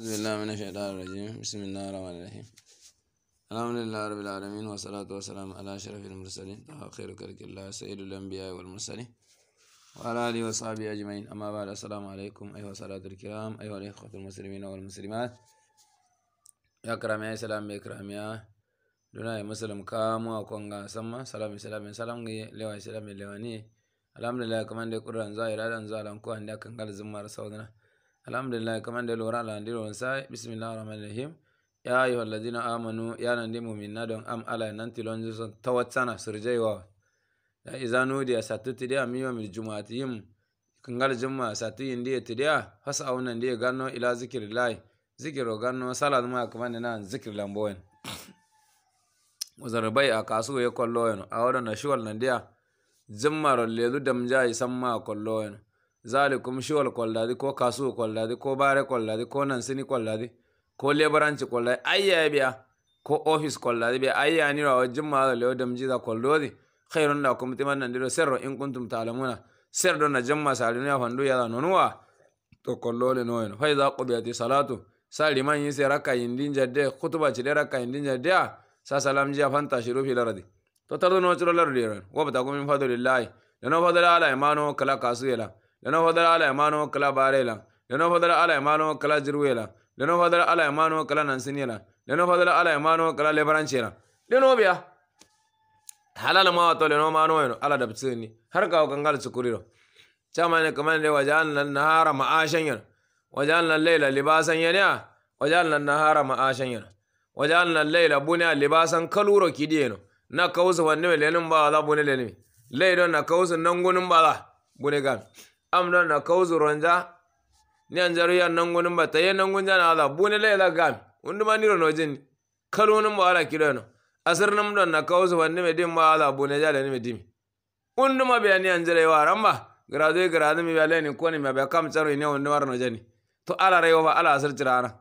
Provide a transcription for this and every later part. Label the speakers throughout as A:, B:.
A: بسم الله من الشيطان الرجيم بسم الله الرحمن الرحيم الحمد لله رب العالمين والصلاة والسلام على أشرف المرسلين خير كرك الله سيد الأنبياء والمرسلين وعلى آله وصحبه أجمعين أما بعد السلام عليكم أيها الصلاة الكرام أيها الإخوة المسلمين والمسلمات يا كرام يا سلام يا كرام يا دنا مسلم كام وكونا سما سلام سلام سلام لي لوا سلام لواني الحمد لله كمان دي قرآن أنزال أدن زالان كوان دا زمار سودنا alhamdulillah kamar da lura da handirar wansa bismillah rahman rahim ya yi walladina amanu ya nan dimu minna don am ala nan tilon jisun ta watsana surjaiwa da izanu da ya satu tidiya miwa mil juma'ati yim kangal juma sati yin da ya tidiya fasa aunan da ya gano ila zikir lai o gano salat ma kamar da na zikir lamboyin bai a kasu ya kwallo yin a wadanda shi wallan diya zimmar lelu damja isan ma kwallo yin zalikum shiwal kwalladi ko kasu kwalladi ko bare kwalladi ko sini kwalladi ko lebaranci kwalladi ayya biya ko office kwalladi biya ayya ni rawa jimma da lewo damji da kwallodi khairun da kuma timan nan dilo serro in kuntum ta'lamuna ser do na jimma salinu ya fandu ya nonuwa to kwallole no yin faiza qudiyati salatu man yin sai raka yindin jadde khutba ci da raka yindin jadde sa salam ji fanta shiru fi laradi to tardo no chiro laradi wa bata gumin fadlillahi da no fadlala imano kala kasu yala leno fadala ala imano kala barela leno fadala ala imano kala jirwela leno fadala ala imano kala nansinela leno fadala ala imano kala lebaranchela leno biya halal ma wato leno mano yano ala da bitsini har ka kangal tsukuriro chama ne kaman da nan nahara ma'ashan yana nan laila libasan yana nan nahara ma'ashan yana nan layla bunya libasan kaluro kidiyeno na kausa wanne lenin ba za bune lenin laydon na kausa nan gunun ba za bune gami amna na kauzu ronja ni anjaru ya nimba ta ya nangun jana ala bune le la gam undu ma niro nojin kalunun mo ala kidono asir nam don na kauzu wanne me dim ma ala bune jale ni me dim undu ma be ni anjare wa ramba gradu gradu mi bale ni koni me be kam tsaro ne undu mar nojani to ala rewa fa ala asir tirana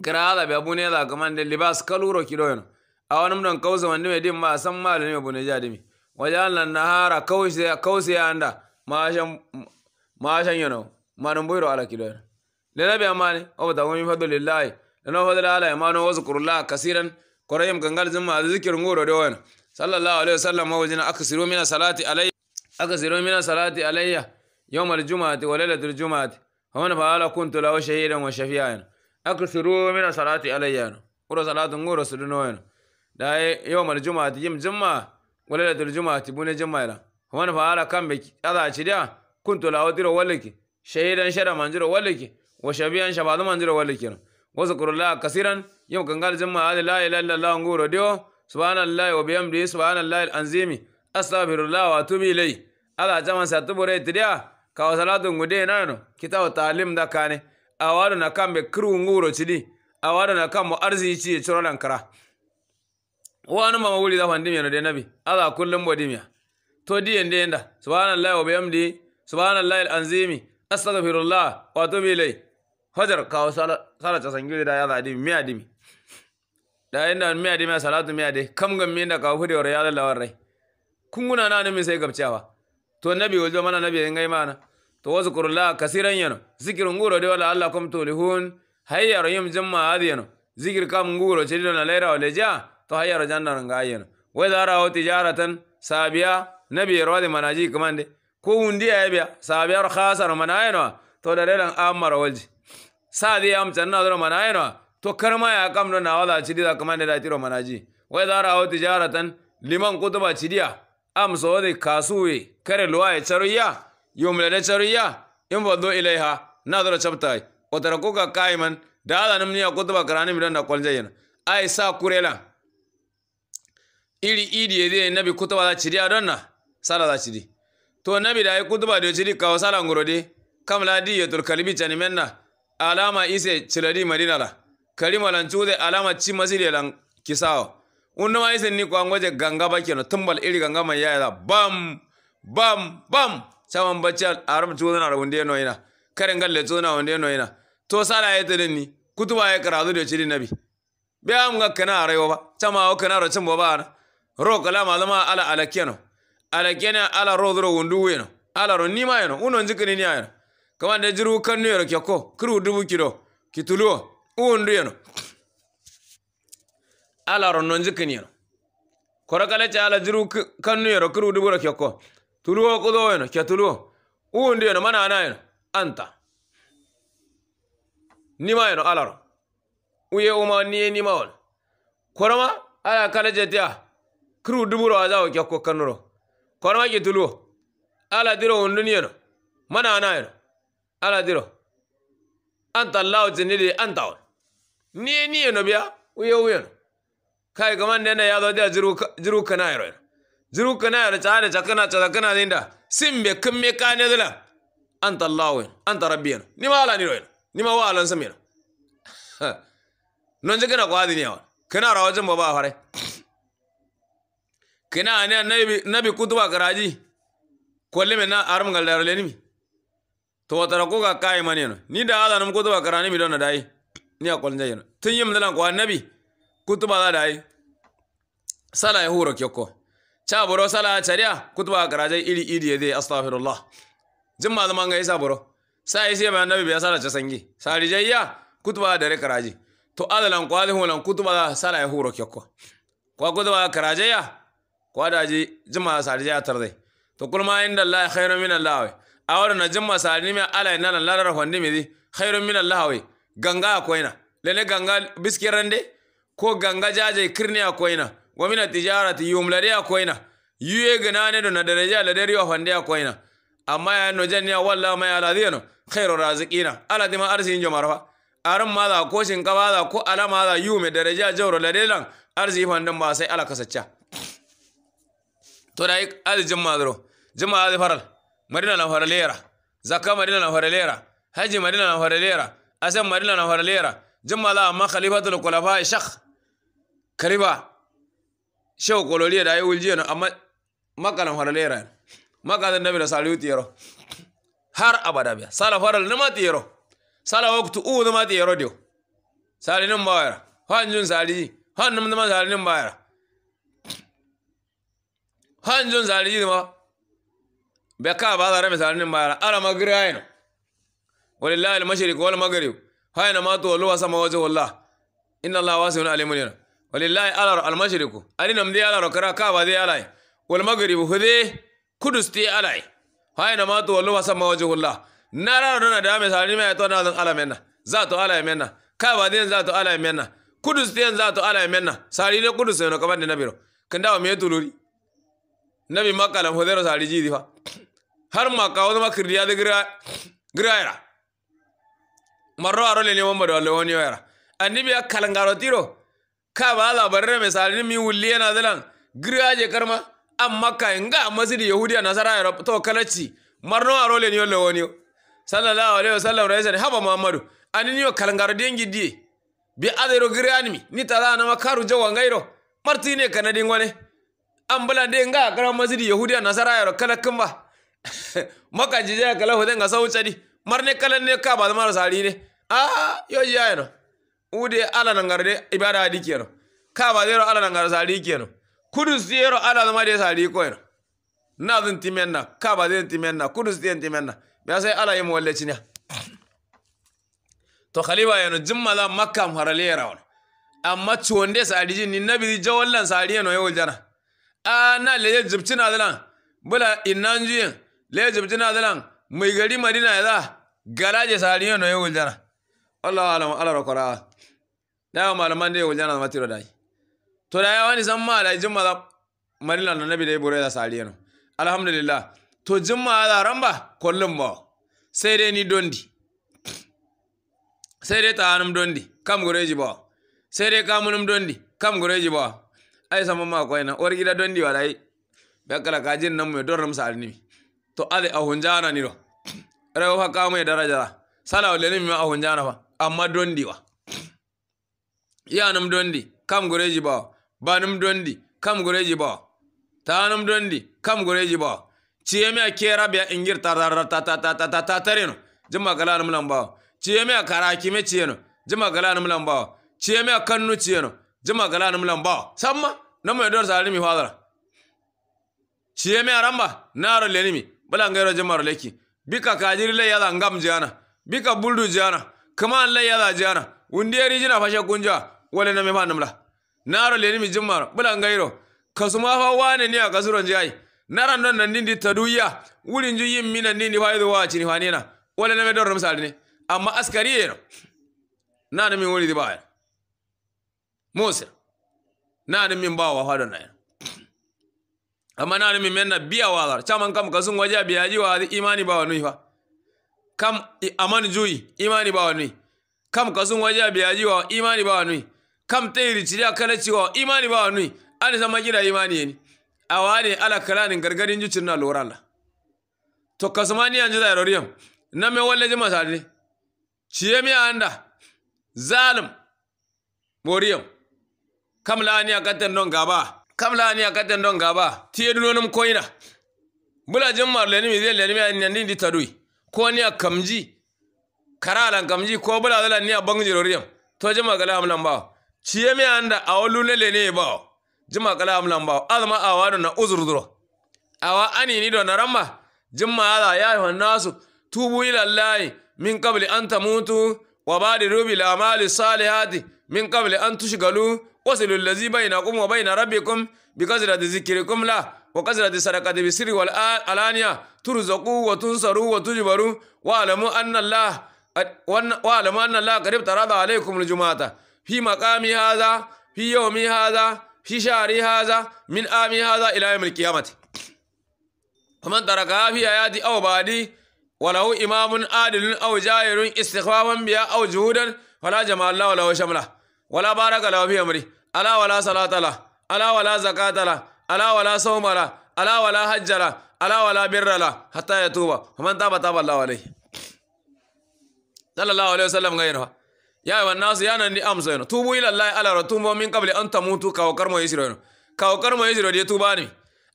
A: grada be bune la kamande libas kalu ro kaluro kidono awanum don kawzu wanne me dim ma san malu ne bune jadimi wajalna nahara kawsi kawsi anda maashan maashan yono manon boyro ala kidan lena be amani o ta gomi fadlillahi lena fadlillahi manon wazkurullah kasiran korayam gangal zumma zikir nguro, de wona sallallahu alaihi wasallam wajina aksiru min salati alayya aksiru min salati alayya يوم الجمعة وليلة الجمعة فمن فعل كنت له شهيدا وشفيعا أكثروا من nguro علي ورا صلاة ورا سدنوين دا يوم الجمعة يوم جمعة وليلة bune jimma جمعة wani faala kamɓe azaciri a kuntu lawatiro walaki shahidan shara manjiro walaki wa shabiyan shabadu manjiro walaki wa zikrullah kasiran yau kangal jimma hadi la ilaha illallah ngoro dio subhanallahi wa bihamdihi subhanallahi alazimi astaghfirullah wa atubu ilay ala jama satubure tidia ka salatu ngude nanu kitabu ta'lim da kane awaru na be kru nguro chidi awaru na mu arzi chi chorolan kara wa mama wuli da fandimi no de nabi ala kullum bodimiya to diyen de nda subhanallahi wa bihamdi subhanallahi al-anzimi astaghfirullah wa atubu ilay hajar kawo sala ta sangire da ya di mi adimi da inda mi adimi salatu mi ade kam gam mi da kawo wa ya lallawar rai kunguna na ne sai gabciwa to nabi wajo mana nabi in gai mana to wasu kurla kasiran yano zikirin guro de wala Allah kum tulihun hayyar yum jamma hadi yano zikir kam guro ce na laira wala ja to hayyar jannar ga yano wai wa tijaratan sabiya nabi yerwadi manaji kamande ko wundi ayebya na khasar manayeno to da redan amara walji sadi am tanna dora manayeno to karma ya kam no nawala chidiya kamande da tiro manaji wa idara aw tijaratan liman kutuba chidiya am kasu kasuwe kare luwa ya charuya yumle da charuya in wado ilaiha nadara chaptai kuka kaiman da ala namniya kutuba karani midan da kwaljayena ai sa kurela iri idi yede nabi kutuba da chidiya donna sala shi cidi to nabi da ay kutuba do cidi kawo sala ngurode kam la di tur kalibi cani menna alama ise ciladi madina la kalima lan cuude alama ci masile lan kisawo unno ma ise ni ko angoje ganga ba keno tumbal iri ganga man yaya bam bam bam saman a aram cuude na rawunde no ina kare ngalle cuude na wunde no ina to sala ya tere ni kutuba ya karadu do cidi nabi be am ga kana arewa ba tama o kana ro cimbo ba ro kala malama ala ala keno ala kena ala rodro wundu weno ala ro nima yeno uno nzikini ni ayeno kama de jiru kannu yero kyoko kuru dubu kiro kituluo uundu yeno ala ro non zikini yeno kora kala cha ala jiru kannu yero kuru dubu ro kyoko tuluo kudo yeno kyatuluo uundu yeno mana ana yeno anta nima yeno ala ro uye uma niye nima won koroma ala kale jetia kuru dubu ro azao kyoko kannu ro kɔnɔma ke tuluo ala diro hundun yeno mana ana yeno ala diro anta lawo tini de anta on ni ni yeno biya uye uye no kai kama nena ya zo da jiru jiru kana yero jiru kana yero cha da chakana cha kana dinda simbe kumme kane dala anta lawo anta rabbi yeno ni ma ala ni yeno ni ma wa alan samira non je kana kwa dinya kana rawajin a hare kina ane nabi nabi kutuba karaji kolle me na aram ngal daro lenimi to tara ko ga kai mane no ni da ala nam kutuba karani mi dona dai ni akol nje no tin yim dalan ko nabi kutuba da dai sala ya huro kyoko cha boro sala chariya kutuba karaje iri iri dai astaghfirullah jimma zaman ga isa boro sai sai ba nabi bai sala cha sangi sari jayya kutuba da re karaji to adalan ko adalan kutuba sala ya huro kyoko ko kutuba karaje ya wadaji jima sari ya tarde to kulma inda allah khairu min allah we awar na jima sari mi ala na la la hondi mi khairu min allah we ganga koina lele ganga biskirande ko ganga jaje kirni koina wa min tijarati yumlari koina yuye ganane do na daraja la dari wa hondi koina amma ya no janniya wallahi ma ala dino khairu raziqina ala dima arsin jomarfa aran ma za ko shinkafa za ko alama za yume daraja jawro la delan arzi fandan ba sai ala kasacca to da ali jumma zuro jumma ali faral marina na lera zakka marina na lera haji marina na lera asan marina na lera jumma la amma khalifatul khulafa shakh kariba shew kololiya da ayi wuljiya amma makalan lera makalan nabi da saluti yaro har abada biya sala faral nima ti sala waktu u nima ti yaro dio sali nim bayara hanjun sali han nim nima sali nim bayara hanjon zari ma beka ba zare misalin bayana ala magri hayno walillahi al-mashriq wal maghrib hayna ma tu wallahu sama wajhu wallah inna allaha wasi'un alimun yana walillahi ala al-mashriq alina mdi ala rokara ka ba dai ala wal maghrib hude kudus ti ala hayna ma tu wallahu sama wajhu wallah nara na da misalin mai to na zan ala menna za to ala menna ka ba dai za ala menna kudus ti za to ala menna sari ne kudus ne kaban ne nabiro kan dawo me tuluri nabi makalan hodero sa jidi fa har maka wani makirdiya da gira marro aro le neman madu wala wani yara annabi ya kalangaro tiro ka ba labarin mai sari mi wulli yana zalan je karma amma ka inga masidi yahudiya nasara ya to kalaci marno aro le ne wala wani sallallahu alaihi wasallam raisa ne haba muhammadu anini yo kalangaro dengi di bi adero gira mi ni tala na makaru jawangairo martine kanadin wane an bala de nga kara masidi yahudiya nasara ya kala kimba maka jija kala hoden ga sau chadi marne kala ne ka ba mara sari ne a yo ji ayano ude ala nan garde ibada adi kiyano ka ba zero ala nan garde sari kiyano kudu zero ala zama de sari ko yana na zin timenna ka ba zin timenna kudu zin timenna ya sai ala yi wallaci ne to khaliba yano jimma maka makka harale rawan amma chonde sari ni nabi jawallan sari yano yawul jana ana ah, leje jibcina dalan bula juyin, leje jibcina dalan mai gari madina ya za galaje sariyo no yi jana Allah alam Allah rokora da malaman da yewul jana matiro dai to da yawani san ma da jimma za madina na nabi da bore da sariyo no alhamdulillah to jimma za ramba kullum ba sai dai ni dondi sai dai ta hannun dondi kam gureji ba sai dai kamunum dondi kam gureji ba ai sama ma ko na war gida don diwa dai ka jin nan mai don ramsa alnimi to ale a hunjana ni ro rawa fa ka mai daraja sala wala ni ma a hunjana fa amma don diwa ya nam dondi kam gureji ba ba nam dondi kam gureji ba ta nam dondi kam gureji ba ciyemi a kera biya ingir ta ta ta ta ta ta ta ta no jima kala nam lamba ciyemi a karaki me no jima kala nam lamba ciyemi a kannu no jama gala num lamba samma mai dora sare mi fadara ciye mi aramba leni lenimi bala ngairo jama leki bika kajiri le yala ngam jana bika buldu jana kama le yala jana undiye rijina fashe kunja wale na me fa numla naro lenimi jama bala kasu kasuma fa wane ni a kasuron jai ran don nan dindi taduya wurin ju yin minan nindi fa yido wa cini fa na wala na me dor rumsal ne amma askari yero na na min wuri di baya moser nani min ba bawa haɗo nayi amma nani min menna biya walar caman kam kasun waje biyaji wa imani bawa nui fa kam aman juyi imani bawa nui kam kasun waje biyaji wa imani bawa nui kam tayri ciriya kala wa imani bawa nui ani sama gida imani yeni awani ala kalanin gargarin jucin na lura Allah? to kasmani yanzu da yaroriyam na me walle jima sadi? ciye mi anda zalim boriyam kam ni a katin don gaba kam ni a katin don gaba tiye dunonum koyna bula mi Zai ze mi a ta tadui ko ni a kamji kara lan kamji ko bula zala ni a bangjiroriyam to gala a amlan bawa ciye mi anda awo lune lene bawo jima kala amlan bawo azma awa do na uzur duro awa ani ni do na ramba jima ala ya yi yuhan nasu tubu ila lallai! min kabili an ta mutu. wa rubi la amali salihati min kabili an tushi galu. وصل الذي بينكم وبين ربكم بكثرة ذكركم له وكثرة صدقة بالسر والآلانية ترزقوا وتنصروا وتجبروا واعلموا أن الله واعلموا أن الله قد افترض عليكم الجمعة في مقام هذا في يوم هذا في شهر هذا من عام هذا إلى يوم القيامة ومن تركها في آياتي أو بعدي وله إمام عادل أو جائر استخفافا بها أو جهودا فلا جمال الله وله شمله ولا بارك له في أمره ala wala salatala ala wala zakatala ala wala saumala ala wala hajjala ala wala birrala hatta ya tuba man taba taba Allah alaihi sallallahu alaihi wasallam ga yana ya wa nasu yana ni amsa yana tubu ila Allah ala ratumu min qabli an tamutu ka wakar mo yisiro yana ka wakar mo yisiro de tuba ni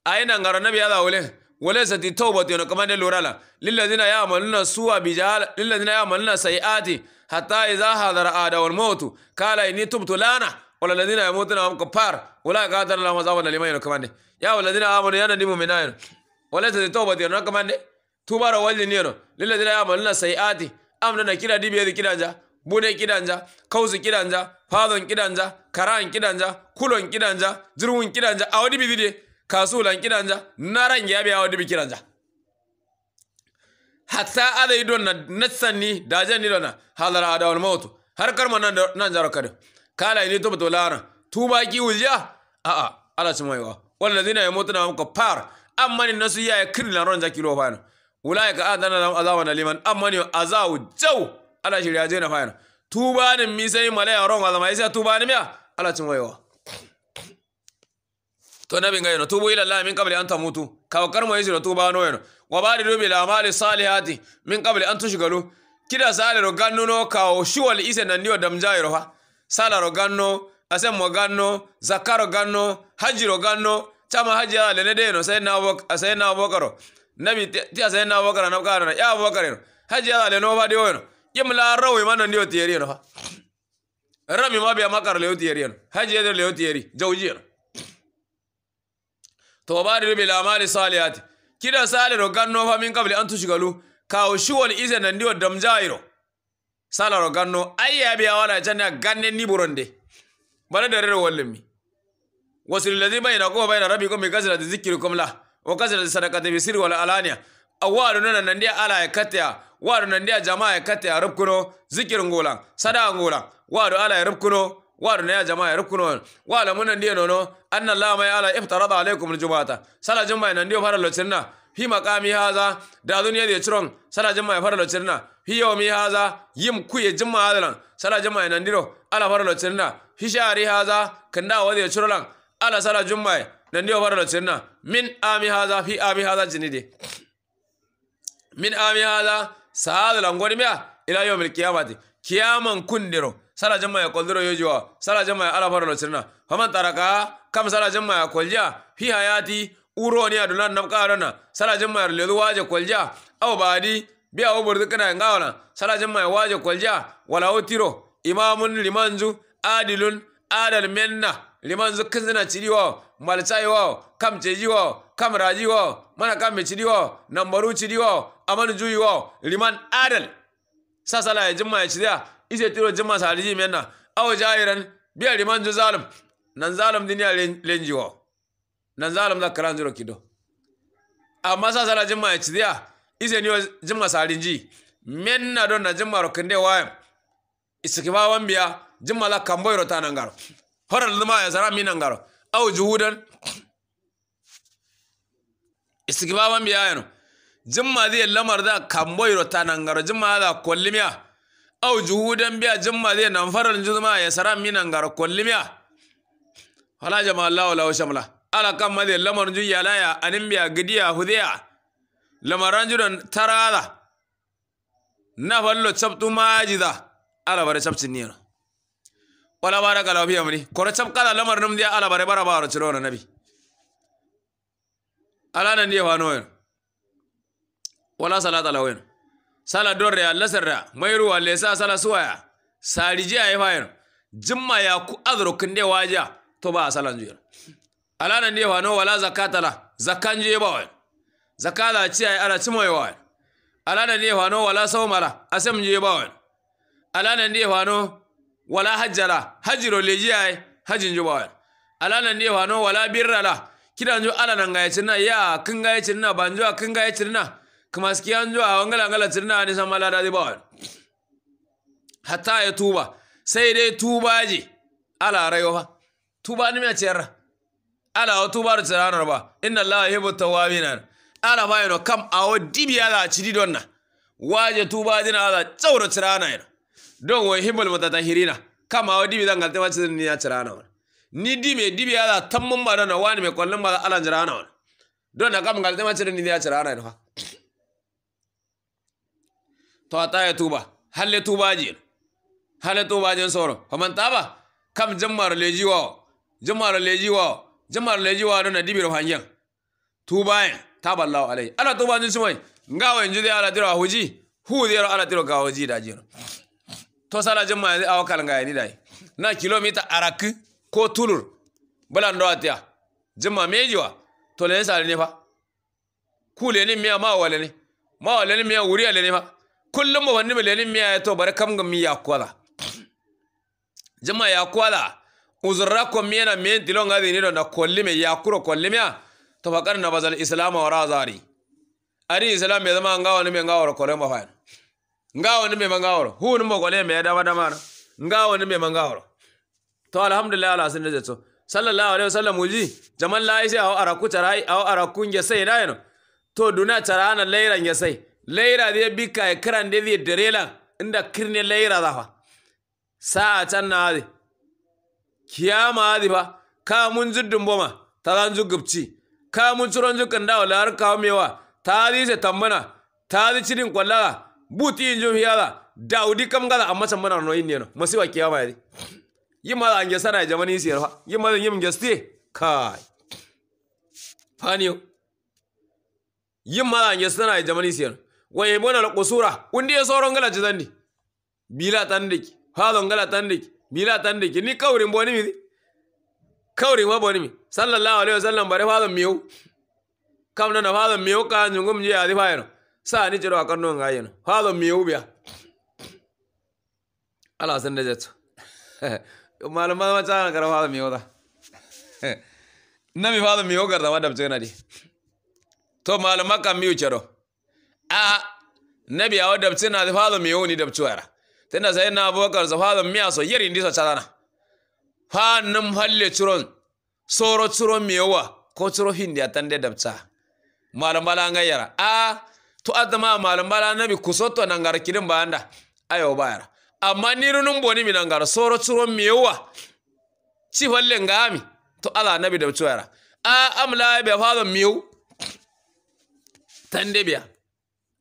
A: aina ngara nabi ya wale wale sati tawbatu yana kamar da lorala lillazina ya'maluna su'a bijal lillazina ya'maluna sayiati hatta idza hadara adawul mautu kala ini tubtu lana wala ladina yamutuna hum kuffar ulai ka tara lahum azaban aliman yana kamande ya wala ladina amanu yana dimu minayan wala ta tawbati yana kamande tubara wallin yana lil ladina yamaluna sayiati amna na kira dibiye kidanja bune kidanja kausu kidanja fadon kidanja karan kidanja kulon kidanja jirwun kidanja awadi bidide kasulan kidanja naran yabe awadi bi kidanja hatta adai don na natsanni dajan ni dona halara adawal mautu har karma nan nan jaro kala ile to tu ba ki wulja a a ala sumaywa walladhina yamutuna hum kuffar amma ni nasu ya na ron zaki na fana ka adana lahum azaban liman amma ni azawu jaw ala shirya je na tu ba ni mi sai malaya ron zama sai ba ni miya ala wa. to nabi ngai no tubu ila allah min qabli an tamutu kawkar mo tu ba no yeno wa badiru bil amali salihati min qabli an tushgalu kida sale ro gannuno kawo shuwal ise nan niyo damjairo fa salaro ganno asemmo ganno zakkaro ganno hajjiro ganno cama hajji ala lene deyeno asayena abubakaro nabi ti asayena na nabkaarona ya abubakar eno hajji ala leno fa diwoyeno ƴimla rawi manno ndiyo tiyeri eno fa rami ma biya makaro leyo tiyeri eno hajji yedo leyo tiyeri jawji eno tobadiru la amali salihati kida saliro ganno fa min kabli an tushigalu kawo shuwol ise nandiwo damjayiro salaro ganno biya wala janna gannen ni ɓuronde bala darere wasil ladhi bayna kuma bayna rabbikum bi kasrati zikrikum la wa kasrati sadaqati bi sir wal alaniya waɗo nona nandi ala e katteya waɗo nandi ya jama ya katteya rubkuno zikir ngola sada ngola waru ala e rubkuno waɗo naya jama e rubkuno on waɗo mu nandi nono anna llama ala iftarada al juma'ata. sala juma'a e nandi o fara lotirna fi maqami haza da zun yede chiron sala ya fara lo cirna fi mi haza yim kuye jama sana sala jama nandiro ala fara lo cirna fi shari haza kanda da ciron ala sala jumma nandiro fara lo cirna min ami haza fi ami haza jinide min ami haza saadu langoni mea ila mil kiyamati kiyaman kundiro sala jamma ya koldiro yojiwa sala jamma ya ala fara lo chirna faman taraka kam sana jamma ya kolja fi hayati uro ni a nam karana sala jemma le waje kolja ba badi biya wo burdu kana ngawala sala jemma waje kolja wala otiro imamun limanzu adilun adal menna limanzu kinzina ciriwa malcaiwa kam cejiwa kam rajiwa mana kam ciriwa nambaru ciriwa aman juyiwa liman adal sa sala jin jemma ya ciriya ise tiro jemma saliji menna au jairan biya limanzu zalim nan zalim duniya lenjiwa nan zalam za karan zero kido amma sa sara jimma ya ciziya ise niyo jimma ji men na don na jimma ro kende ba wan biya jimma la kamboy ta nan garo horal duma ya min nan garo au juhudan wan biya yano jimma zai lamar da kamboy ta nan garo jimma da kollimiya au juhudan biya jimma zai nan faral juma ya sara nan garo kollimiya wala jama'a Allah wala shamla ala kan made lamar ju yalaya animbiya gidiya hudiya lamaran judan tarada na fallo chaptu majida ala bare chaptu niyano wala bara kala biya muni kora chap kala lamar num dia ala bare bara bara chiro nabi ala nan dia wano yen wala salata la wen sala dorre ala sarra mairu walle sa sala suwaya sarije ayi fayen jimma ya ku azro kinde waja to ba salan juyar ala nan ne wano wala zakata la zakan je ba wai zakala ci ay ala cimo wai ala nan ne wano wala sawmala asem je ba wai ala nan ne wano wala hajjala hajiro leji ay hajin je ba wai ala nan ne wano wala birrala kidan jo ala nan ga na ya kin ga na jo kin ga na kuma an jo a wangala ngala na ne samala da ba wai hatta ya tuba sai dai tuba ji ala rayo fa tuba ni me ciyar ala tu da tsaranar ba inna allaha yuhibbu na. ala ba yana kam ala a la don na, waje tu ba dina ala tsawra tsarana yana don wa yuhibbul mutatahirina kam wa dibi dan galta wace ni ya tsarana wani ni dibi dibi ala tammun ba na wani mai kwallon ba ala na wani. don na kam galta wace ni ya tsarana yana fa to a taya tuba halle tuba ji halle tuba jin soro faman ba kam jammar lejiwa jammar lejiwa jama'ar leji wa na dibiro hangen tubayen taballahu alai ala tuba jin sumai nga wa inji dai ala diro huji hu dai ala diro ga huji da jiro to sala jama'a yanzu awakal ga ni dai na kilomita arak ko tulur bulan do atiya jama'a wa to le sare ne fa ku le miya ma wale ne ma wale ne miya wuri ale ne fa kullum ba wani le ne miya ya to bar kam ga miya kwala jama'a ya kwala uzurra kommiyena men tilon ga dinido na kollime yakuro ya to bakar na bazal islam wa razari ari islam me zama ngawo ne me ngawo ko le mafayan ngawo ne me ngawo hu ne mo gole me dama dama ngawo ne me ngawo to alhamdulillah ala sun zato sallallahu alaihi wasallam uji jamal la isa au araku tarai au arakun ya sai da yano to duna tarana leira ya sai leira zai bika e kran da zai direla inda kirne laira zafa sa'a can na kiyama ba ka mun zuddun boma ta talan zugubci ka mun curon zukan dawa lar ka mewa ta di se tambana ta di cirin kwallaga buti injum hiyala daudi kam gala amma sambana no inne no wa kiyama yadi yimma an gesara jamani siyar fa yimma yim gesti kai na yimma an gesara jamani siyar waye bona la kusura ya sauran gala jizandi bila tandiki halon gala tandiki bila tan de ni kaurin boni mi kawrin ma boni mi sallallahu alaihi wasallam bare fa mi o kam na fa mi o ka nyungum je a fa yano sa ni jiro akan no ngai yano fa mi o biya ala san de jatsu malam ma cha kar fa mi o da na mi fa mi o gar da wadab je na di to malam ka mi o chero a nabi a wadab tsina fa mi o ni da tuwara sai na abubakar zafa zan miya so yari ndi so catana faa nam halle curon soro curo miyowa ko curo hindi attande dabca malam bala an yara a to adama malam bala nabi kusoto nangara kilim banda ayo bayara amma nirunun boni mi nangara soro curo miyowa ci falle ngami to ala nabi dabco yara a amla be faadon miyow tande biya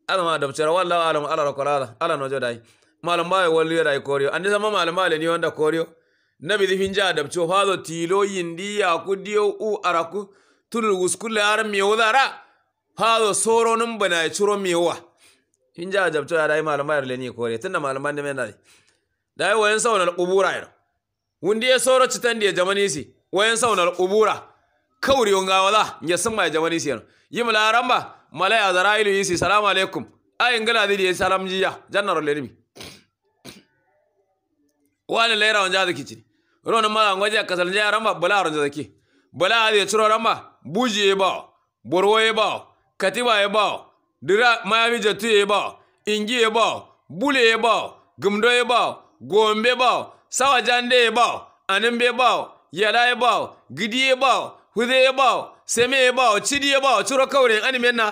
A: adama dabco yara wallahu alam ala rakolala ala nojo dai malam malambawe wallu yeɗa ya koriyo zama malam malamale ne wanda koriyo nabi di finja da co fazo tilo yindi yaku diyo u araku tulul wuskulle ar ra fazo nun bana ya ciro e curo da finja adab ya yaɗa e malambayero leni koriyo tinna malamande men ɗaɗi daye wayen sawnal qubura ya wundi ya soro citandi e jamanisi wayen sawnal qubura kawriyo ya nge summa e jamanisi yi yimla aramba malaya zara ilu si salamu aleykum a ingala didi e salam jiya jannaro lenimi wani lera wanja da kici ronan mala ngoje kasal nja ramba bala ronja zaki bala ade chiro ramba buji e ba borwo e ba katiba e ba dira mayami jatu e ba ingi e ba bule e ba gumdo e ba gombe ba sawa jande e ba anambe ba yala e ba gidi e ba hude e ba seme e ba chidi e ba chiro kawre ani na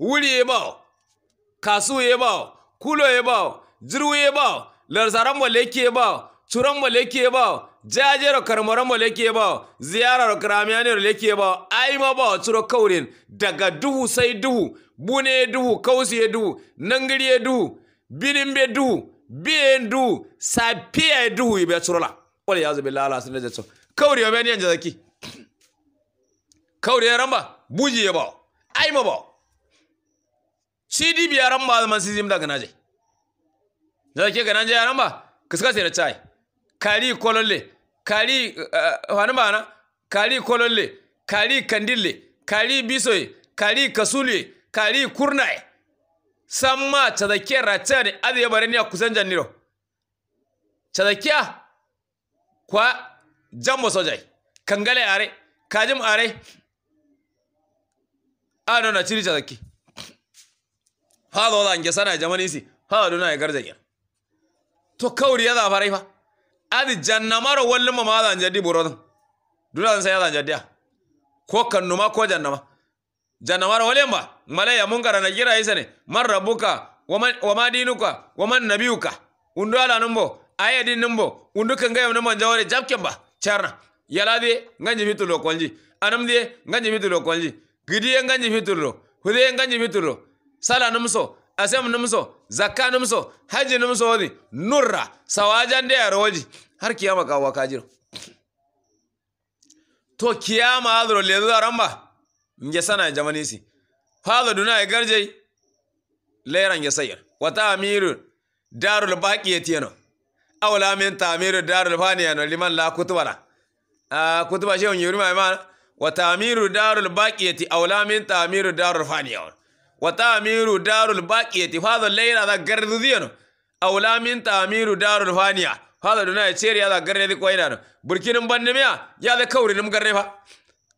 A: wuri e ba kasu e ba kulo e ba jiru e ba larzaran ba turan mo leke ba jajero karmoro mo leke ba ziyarar karamiyanero leke ba ai ma ba turo kaurin daga duhu sai duhu bune duhu kausiye duhu nangiriye duhu binin bilimbe duhu biyen duhu sapiya duhu ibe curula wala yazu billahi ala sunna jaso kauri yo beniyan jazaki kauri ramba buji ya ba ai ma ba cidi biya ramba man sizim daga naje zaki ga naje je ramba kiska sai na chai kari kololle kari eh, eh, hanumana kari kololle kari kandille kari bisoye kari kasuluye kari kurnaye samma chadakia rachani adi ya a kusan niro cadakiya kwa jambo sojai kangale are kajim are ano ah, na chiri chadaki hado da angesana jamani isi hado na ya garjanya to kauri ya da farai fa adi jannamaro wollimo ma adan jaddi ɓuroton dunaɗan sai adan jaddiya ko kannuma ko jannama jannamaro wolen ba malaya munkara nagira isane man rabbuka wama dinuka waman nabiyuka undu ala numbo aya din numbo undu kangayam numbo jawore jabken ba charna yalade nganje fitulo kolji anamde nganje fitulo kolji gidiye nganje fitulo hude nganje fitulo sala numso asem nimso zakka nimso haji nimso wodi nurra sawajan da yaro waji har kiyama ka wa kajiro to kiyama adro le da ramba nge sana jamani si fado duna e garje leran ge sayar wata amiru darul baqi yatiyano awla min amiru darul faniyano liman la kutubara a kutuba shehun yurima ma wa amiru darul baqiyati awla min tamiru darul faniyano wa ta'miru darul baqiyati hadha layla da A wula min ta'miru darul faniya hadha duna ya ceri ya da garre ko ina no burkinin bandimiya ya da kauri nim garre fa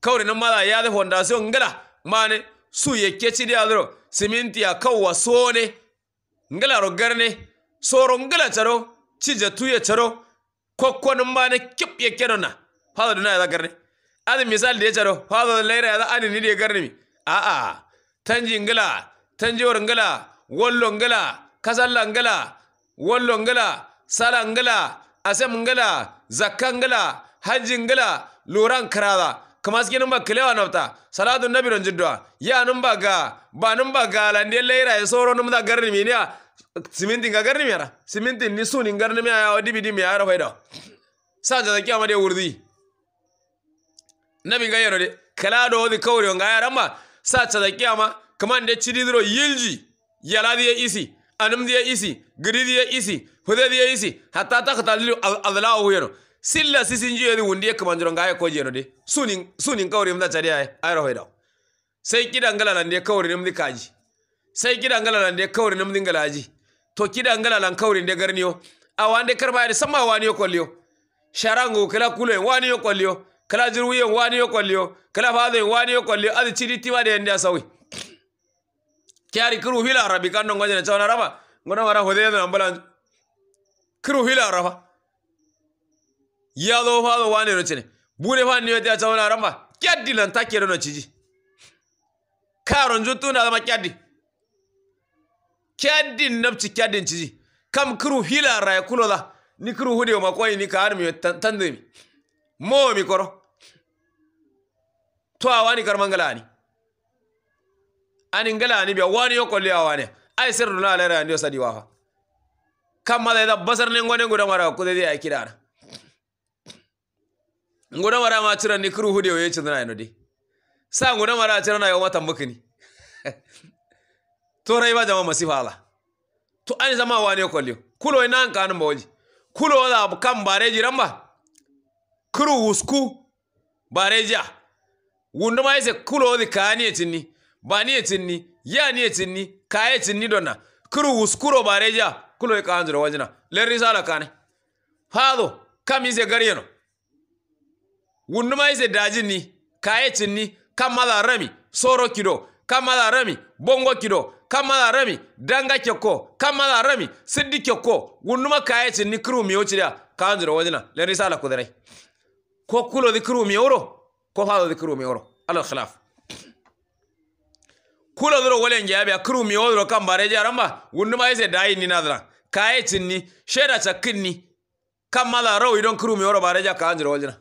A: kauri nim mala ya zai da fondation ngala mane su ya ke ci da zaro siminti ya kawwa so ne ngala ro garne soro ngala charo cije tuye charo ma mane kip yake na hadha duna ya ne. garne adin misali da ya charo hadha laira ya da anini da ya garne mi a'a tanji ngila wor ngila wollo ngila kasalla ngila wollo ngila sala ngila asem ngila zakka ngila haji ngila luran kamas kamaski numba kilewa nabta salatu nabi ron jidwa ya numba ga ba numba ga lande leira ya soro numda garni miniya siminti ga garni miyara siminti ni suni garni miya ya wadi bidi miya ya rafa ido sanja da kiyama de wurdi nabi ga yero de kala do di kawri nga ga ya ramba sa da kamande chididro yilji yaladiye isi anamdiye isi gridiye isi hudadiye isi hatta takhtalilu adlahu yano silla sisinji yedi wundiye kamanjoro ngaye ko jeno de sunin sunin kawri mda chadiya ay ayro hoyda sai kidan galalan de kawri namdi kaji sai kidan galalan de kawri namdi ngalaji to kidan galalan kawri de garniyo awande karba de sama wani yo kolliyo sharango kala kulo wani yo kolliyo kala jirwiyen wani yo kwalliyo, kala fadoyen wani yo kolliyo adi cidi timade hende a sawi kyari kiru hila rabi kanno ngojene cawna raba ngona wara hodeyedona mbalanju kiru hila raba yado fado wani no cine bune fa niwete a cawna ramba kyaddi lan takkere no ciji karon na zama kyaddi kyaddin nabci kyaddin ciji kam kiru hila kulo la, ni kiru hudewo makwai ni kaanumi tandemi momi koro to awani biya. Wani ngalani bi awani ne? awane ay sirri la la yanzu sadi wafa maza da basar ne ngone ngudan wara ko kira na ngudan wara ma cire ni kuru hude waye cin na de sa ngudan wara tiran na yau matan mukini to rai ba jama masifa ala to an zama yau kolli kulo ina kanin kanu waje. kulo da kan bareji ramba kuru husku bareja wunduma ise kulodi kaani etinni ya etinni ka etinni kaye don donna kuru wuskuro bareja kulo e kaanzuro wajina lerri sala kane Fado, kam daji ni, ka ise dajinni kaye etinni kammala rami soro kido kammala rami bongo kido kammala rami danga kyokko kammala rami siddi ma ka kaye etinni kuru miyo cida kaanzuro wajina lerri sala kudirai ko kulodi kuru miyowro ko fa hada dhikru mi oro ala khilaf kula duro walen jabe akru mi oro kambare ba, wundu mai se dai ni nadra kaye tinni sheda kan kammala rawi don kru mi oro bare Fa kanjir waljina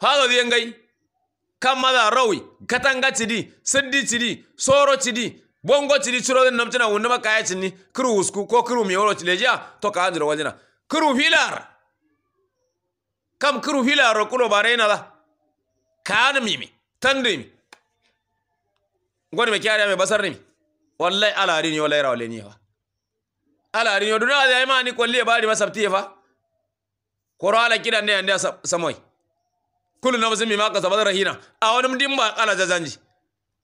A: hada kan kammala rawi katanga tidi siddi tidi soro tidi bongo tidi churo den namtina wundu ma kaye tinni kru usku ko kru mi oro tileja to ka kanjir waljina kru filar, kam kru hilar ko lo bare na la kaana mimi tan remi gonmi mai basar remi wallay ala rini wallay rawleni fa ala rini o duna ade aymani kolli ba di sabtiye fa koro ala kiɗa ne ande a samoy kulu nafsin bima kasabat rahina awonim dimba ala jajanji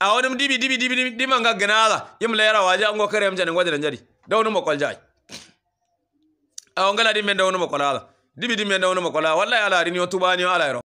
A: awonim dibi dibi dibi gina nga ganala yim layra waje ango kare yam jani ngwajira njari dawnu mo koljay awon gala di men dawnu mo kolala dibi dibi men dawnu mo kolala wallahi ala rini o tubani o ala